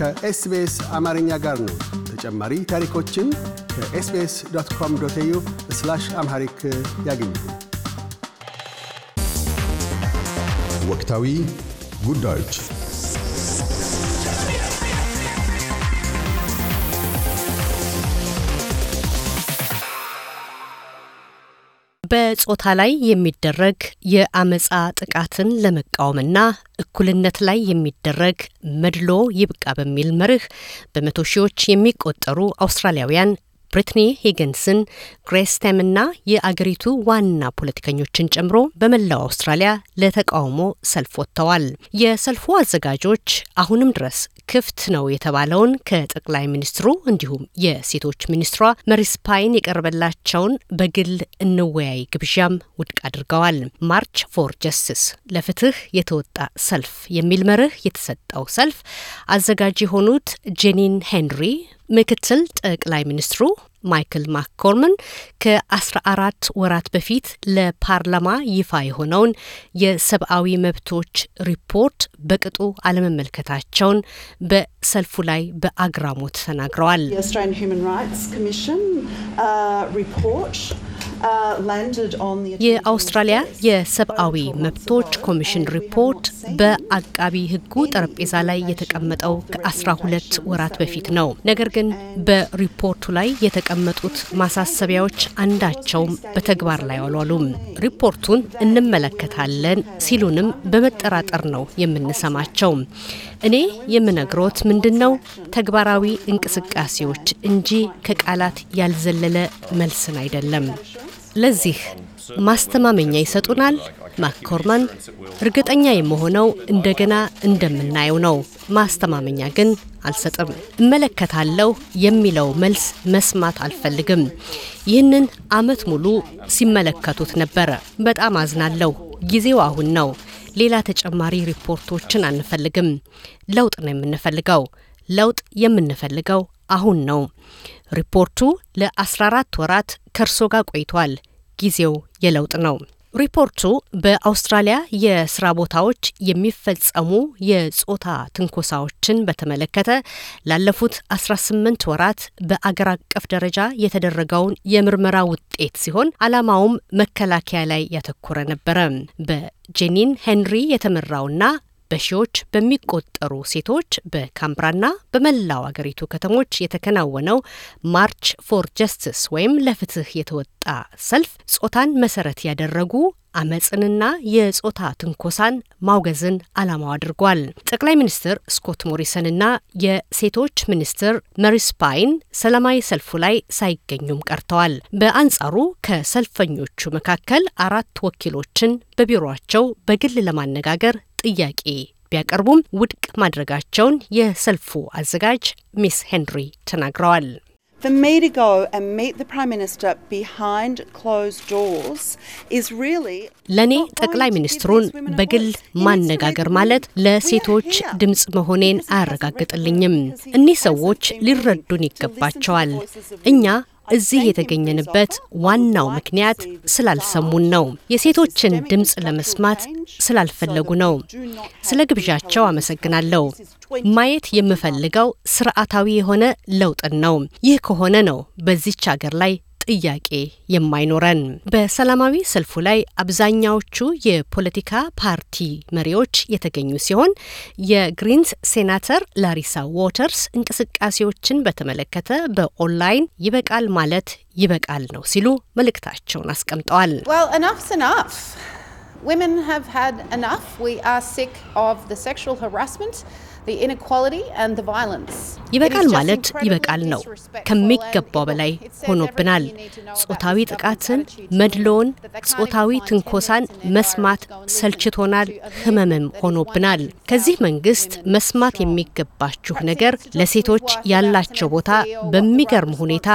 ከኤስቢኤስ አማርኛ ጋር ነው። ተጨማሪ ታሪኮችን ከኤስቢኤስ ዶት ኮም ዶት ኤዩ አምሃሪክ ያገኙ። ወቅታዊ ጉዳዮች በጾታ ላይ የሚደረግ የአመፃ ጥቃትን ለመቃወምና እኩልነት ላይ የሚደረግ መድሎ ይብቃ በሚል መርህ በመቶ ሺዎች የሚቆጠሩ አውስትራሊያውያን ብሪትኒ ሂግንስን፣ ግሬስ ተምና የአገሪቱ ዋና ፖለቲከኞችን ጨምሮ በመላው አውስትራሊያ ለተቃውሞ ሰልፍ ወጥተዋል። የሰልፉ አዘጋጆች አሁንም ድረስ ክፍት ነው የተባለውን ከጠቅላይ ሚኒስትሩ እንዲሁም የሴቶች ሚኒስትሯ መሪስ ፓይን የቀረበላቸውን በግል እንወያይ ግብዣም ውድቅ አድርገዋል። ማርች ፎር ጀስቲስ ለፍትህ የተወጣ ሰልፍ የሚል መርህ የተሰጠው ሰልፍ አዘጋጅ የሆኑት ጄኒን ሄንሪ ምክትል ጠቅላይ ሚኒስትሩ ማይክል ማኮርመን ከ14 ወራት በፊት ለፓርላማ ይፋ የሆነውን የሰብአዊ መብቶች ሪፖርት በቅጡ አለመመልከታቸውን በሰልፉ ላይ በአግራሞት ተናግረዋል። የአውስትራሊያ የሰብአዊ መብቶች ኮሚሽን ሪፖርት በአቃቢ ሕጉ ጠረጴዛ ላይ የተቀመጠው ከአስራ ሁለት ወራት በፊት ነው። ነገር ግን በሪፖርቱ ላይ የተቀመጡት ማሳሰቢያዎች አንዳቸውም በተግባር ላይ አልዋሉም። ሪፖርቱን እንመለከታለን ሲሉንም በመጠራጠር ነው የምንሰማቸው። እኔ የምነግሮት ምንድን ነው ተግባራዊ እንቅስቃሴዎች እንጂ ከቃላት ያልዘለለ መልስን አይደለም። ለዚህ ማስተማመኛ ይሰጡናል። ማኮርማን እርግጠኛ የመሆነው እንደገና እንደምናየው ነው። ማስተማመኛ ግን አልሰጥም። እመለከታለሁ የሚለው መልስ መስማት አልፈልግም። ይህንን አመት ሙሉ ሲመለከቱት ነበረ። በጣም አዝናለሁ። ጊዜው አሁን ነው። ሌላ ተጨማሪ ሪፖርቶችን አንፈልግም። ለውጥ ነው የምንፈልገው። ለውጥ የምንፈልገው አሁን ነው። ሪፖርቱ ለ14 ወራት ከእርሶ ጋር ቆይቷል። ጊዜው የለውጥ ነው። ሪፖርቱ በአውስትራሊያ የስራ ቦታዎች የሚፈጸሙ የጾታ ትንኮሳዎችን በተመለከተ ላለፉት 18 ወራት በአገር አቀፍ ደረጃ የተደረገውን የምርመራ ውጤት ሲሆን ዓላማውም መከላከያ ላይ ያተኮረ ነበረ። በጄኒን ሄንሪ የተመራውና በሺዎች በሚቆጠሩ ሴቶች በካምብራና በመላው አገሪቱ ከተሞች የተከናወነው ማርች ፎር ጀስትስ ወይም ለፍትህ የተወጣ ሰልፍ ጾታን መሰረት ያደረጉ አመፅንና የጾታ ትንኮሳን ማውገዝን ዓላማው አድርጓል። ጠቅላይ ሚኒስትር ስኮት ሞሪሰንና የሴቶች ሚኒስትር መሪስ ፓይን ሰላማዊ ሰልፉ ላይ ሳይገኙም ቀርተዋል። በአንጻሩ ከሰልፈኞቹ መካከል አራት ወኪሎችን በቢሮቸው በግል ለማነጋገር ጥያቄ ቢያቀርቡም ውድቅ ማድረጋቸውን የሰልፉ አዘጋጅ ሚስ ሄንሪ ተናግረዋል። The me to go and meet the Prime Minister behind closed doors is really ለእኔ ጠቅላይ ሚኒስትሩን በግል ማነጋገር ማለት ለሴቶች ድምፅ መሆኔን አያረጋግጥልኝም። እኒህ ሰዎች ሊረዱን ይገባቸዋል። እኛ እዚህ የተገኘንበት ዋናው ምክንያት ስላልሰሙን ነው። የሴቶችን ድምፅ ለመስማት ስላልፈለጉ ነው። ስለ ግብዣቸው አመሰግናለሁ። ማየት የምፈልገው ስርዓታዊ የሆነ ለውጥን ነው። ይህ ከሆነ ነው በዚች አገር ላይ ጥያቄ የማይኖረን። በሰላማዊ ሰልፉ ላይ አብዛኛዎቹ የፖለቲካ ፓርቲ መሪዎች የተገኙ ሲሆን የግሪንስ ሴናተር ላሪሳ ዎተርስ እንቅስቃሴዎችን በተመለከተ በኦንላይን ይበቃል ማለት ይበቃል ነው ሲሉ መልእክታቸውን አስቀምጠዋል። Women have had enough. We are sick of the sexual harassment. ይበቃል ማለት ይበቃል ነው። ከሚገባው በላይ ሆኖብናል። ጾታዊ ጥቃትን፣ መድሎን፣ ጾታዊ ትንኮሳን መስማት ሰልችቶናል፣ ህመምም ሆኖብናል። ከዚህ መንግስት መስማት የሚገባችሁ ነገር ለሴቶች ያላቸው ቦታ በሚገርም ሁኔታ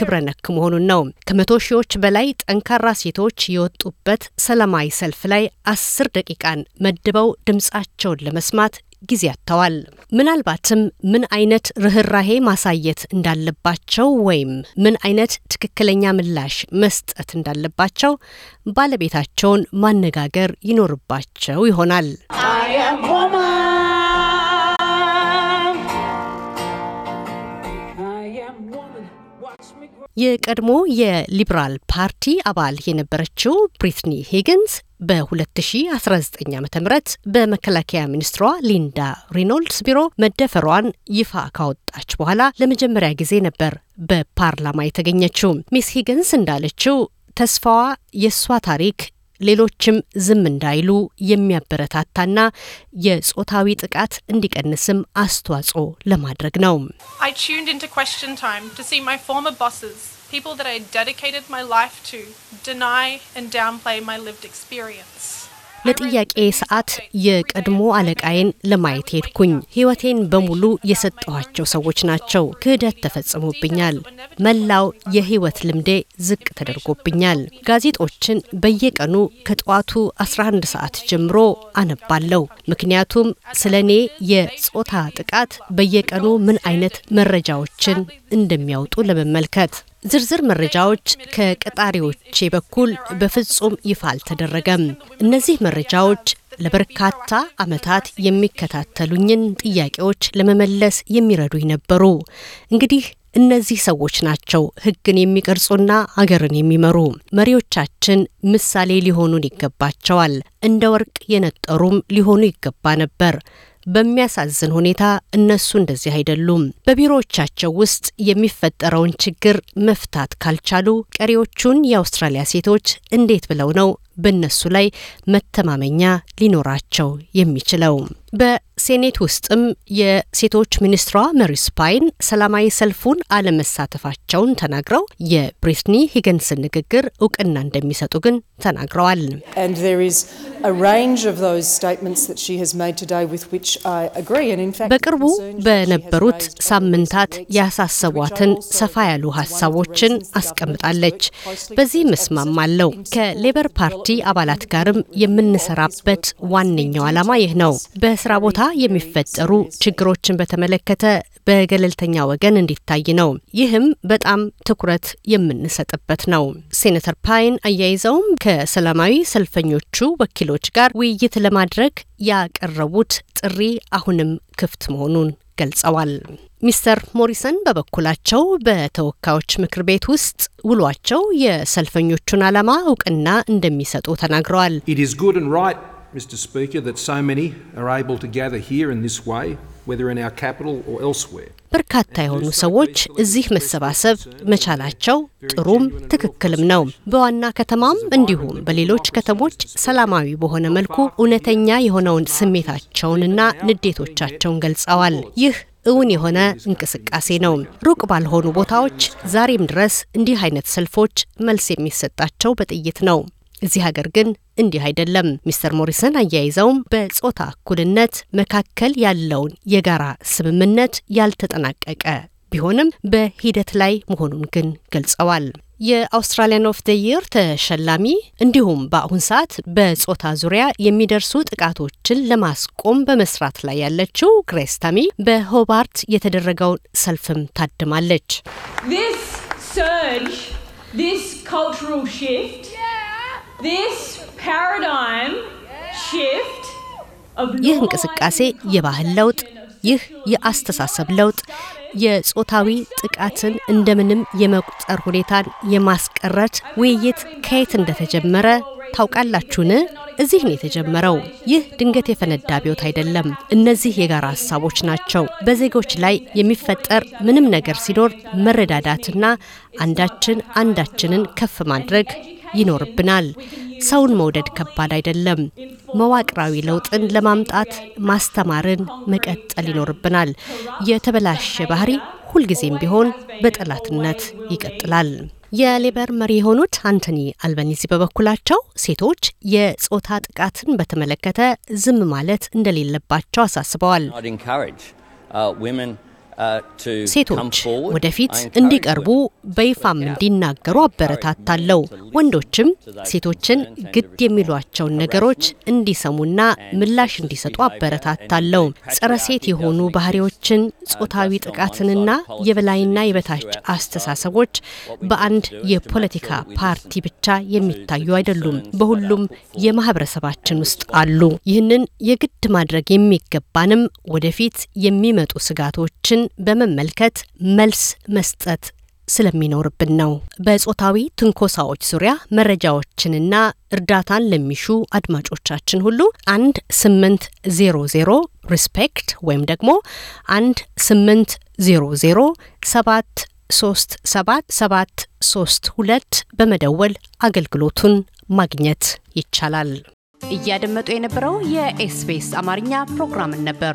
ክብረ ነክ መሆኑን ነው። ከመቶ ሺዎች በላይ ጠንካራ ሴቶች የወጡበት ሰላማዊ ሰልፍ ላይ አስር ደቂቃን መድበው ድምጻቸውን ለመስማት ጊዜ አጥተዋል። ምናልባትም ምን አይነት ርኅራሄ ማሳየት እንዳለባቸው ወይም ምን አይነት ትክክለኛ ምላሽ መስጠት እንዳለባቸው ባለቤታቸውን ማነጋገር ይኖርባቸው ይሆናል። የቀድሞ የሊበራል ፓርቲ አባል የነበረችው ብሪትኒ ሂግንስ በ2019 ዓ ም በመከላከያ ሚኒስትሯ ሊንዳ ሪኖልድስ ቢሮ መደፈሯን ይፋ ካወጣች በኋላ ለመጀመሪያ ጊዜ ነበር በፓርላማ የተገኘችው። ሚስ ሂግንስ እንዳለችው ተስፋዋ የእሷ ታሪክ ሌሎችም ዝም እንዳይሉ የሚያበረታታና የጾታዊ ጥቃት እንዲቀንስም አስተዋጽኦ ለማድረግ ነው። people that I dedicated my life to deny and downplay my lived experience. ለጥያቄ ሰዓት የቀድሞ አለቃዬን ለማየት ሄድኩኝ። ሕይወቴን በሙሉ የሰጠኋቸው ሰዎች ናቸው። ክህደት ተፈጽሞብኛል። መላው የሕይወት ልምዴ ዝቅ ተደርጎብኛል። ጋዜጦችን በየቀኑ ከጠዋቱ 11 ሰዓት ጀምሮ አነባለሁ። ምክንያቱም ስለ እኔ የጾታ ጥቃት በየቀኑ ምን አይነት መረጃዎችን እንደሚያወጡ ለመመልከት ዝርዝር መረጃዎች ከቀጣሪዎቼ በኩል በፍጹም ይፋ አልተደረገም። እነዚህ መረጃዎች ለበርካታ ዓመታት የሚከታተሉኝን ጥያቄዎች ለመመለስ የሚረዱኝ ነበሩ። እንግዲህ እነዚህ ሰዎች ናቸው ሕግን የሚቀርጹና አገርን የሚመሩ መሪዎቻችን ምሳሌ ሊሆኑን ይገባቸዋል። እንደ ወርቅ የነጠሩም ሊሆኑ ይገባ ነበር። በሚያሳዝን ሁኔታ እነሱ እንደዚህ አይደሉም። በቢሮዎቻቸው ውስጥ የሚፈጠረውን ችግር መፍታት ካልቻሉ ቀሪዎቹን የአውስትራሊያ ሴቶች እንዴት ብለው ነው በእነሱ ላይ መተማመኛ ሊኖራቸው የሚችለው? በሴኔት ውስጥም የሴቶች ሚኒስትሯ መሪ ስፓይን ሰላማዊ ሰልፉን አለመሳተፋቸውን ተናግረው የብሪትኒ ሂገንስን ንግግር እውቅና እንደሚሰጡ ግን ተናግረዋል። በቅርቡ በነበሩት ሳምንታት ያሳሰቧትን ሰፋ ያሉ ሀሳቦችን አስቀምጣለች። በዚህም እስማማለሁ። ከሌበር ፓርቲ አባላት ጋርም የምንሰራበት ዋነኛው ዓላማ ይህ ነው። በስራ ቦታ የሚፈጠሩ ችግሮችን በተመለከተ በገለልተኛ ወገን እንዲታይ ነው። ይህም በጣም ትኩረት የምንሰጥበት ነው። ሴኔተር ፓይን አያይዘውም ከሰላማዊ ሰልፈኞቹ ወኪሎች ጋር ውይይት ለማድረግ ያቀረቡት ጥሪ አሁንም ክፍት መሆኑን ገልጸዋል። ሚስተር ሞሪሰን በበኩላቸው በተወካዮች ምክር ቤት ውስጥ ውሏቸው የሰልፈኞቹን ዓላማ እውቅና እንደሚሰጡ ተናግረዋል። Mr. Speaker, that so many are able to gather here in this way, whether in our capital or elsewhere. በርካታ የሆኑ ሰዎች እዚህ መሰባሰብ መቻላቸው ጥሩም ትክክልም ነው። በዋና ከተማም እንዲሁም በሌሎች ከተሞች ሰላማዊ በሆነ መልኩ እውነተኛ የሆነውን ስሜታቸውንና ንዴቶቻቸውን ገልጸዋል። ይህ እውን የሆነ እንቅስቃሴ ነው። ሩቅ ባልሆኑ ቦታዎች ዛሬም ድረስ እንዲህ አይነት ሰልፎች መልስ የሚሰጣቸው በጥይት ነው። እዚህ ሀገር ግን እንዲህ አይደለም። ሚስተር ሞሪሰን አያይዘውም በጾታ እኩልነት መካከል ያለውን የጋራ ስምምነት ያልተጠናቀቀ ቢሆንም በሂደት ላይ መሆኑን ግን ገልጸዋል። የአውስትራሊያን ኦፍ ደ ይር ተሸላሚ እንዲሁም በአሁን ሰዓት በጾታ ዙሪያ የሚደርሱ ጥቃቶችን ለማስቆም በመስራት ላይ ያለችው ግሬስ ታሚ በሆባርት የተደረገውን ሰልፍም ታድማለች። ይህ እንቅስቃሴ የባህል ለውጥ፣ ይህ የአስተሳሰብ ለውጥ የጾታዊ ጥቃትን እንደምንም የመቁጠር ሁኔታን የማስቀረት ውይይት ከየት እንደተጀመረ ታውቃላችሁን? እዚህ ነው የተጀመረው። ይህ ድንገት የፈነዳ አብዮት አይደለም። እነዚህ የጋራ ሀሳቦች ናቸው። በዜጎች ላይ የሚፈጠር ምንም ነገር ሲኖር መረዳዳትና አንዳችን አንዳችንን ከፍ ማድረግ ይኖርብናል። ሰውን መውደድ ከባድ አይደለም። መዋቅራዊ ለውጥን ለማምጣት ማስተማርን መቀጠል ይኖርብናል። የተበላሸ ባህሪ ሁልጊዜም ቢሆን በጠላትነት ይቀጥላል። የሌበር መሪ የሆኑት አንቶኒ አልበኒዚ በበኩላቸው ሴቶች የጾታ ጥቃትን በተመለከተ ዝም ማለት እንደሌለባቸው አሳስበዋል። Uh, ሴቶች ወደፊት እንዲቀርቡ በይፋም እንዲናገሩ አበረታታለሁ። ወንዶችም ሴቶችን ግድ የሚሏቸውን ነገሮች እንዲሰሙና ምላሽ እንዲሰጡ አበረታታለሁ። ጸረ ሴት የሆኑ ባህሪዎችን፣ uh, ጾታዊ ጥቃትንና የበላይና የበታች uh, አስተሳሰቦች በአንድ የፖለቲካ ፓርቲ ብቻ የሚታዩ አይደሉም፣ በሁሉም የማህበረሰባችን ውስጥ አሉ። ይህንን የግድ ማድረግ የሚገባንም ወደፊት የሚመጡ ስጋቶችን በመመልከት መልስ መስጠት ስለሚኖርብን ነው። በጾታዊ ትንኮሳዎች ዙሪያ መረጃዎችንና እርዳታን ለሚሹ አድማጮቻችን ሁሉ አንድ ስምንት ዜሮ ዜሮ ሪስፔክት ወይም ደግሞ አንድ ስምንት ዜሮ ዜሮ ሰባት ሶስት ሰባት ሰባት ሶስት ሁለት በመደወል አገልግሎቱን ማግኘት ይቻላል። እያደመጡ የነበረው የኤስቢኤስ አማርኛ ፕሮግራምን ነበር።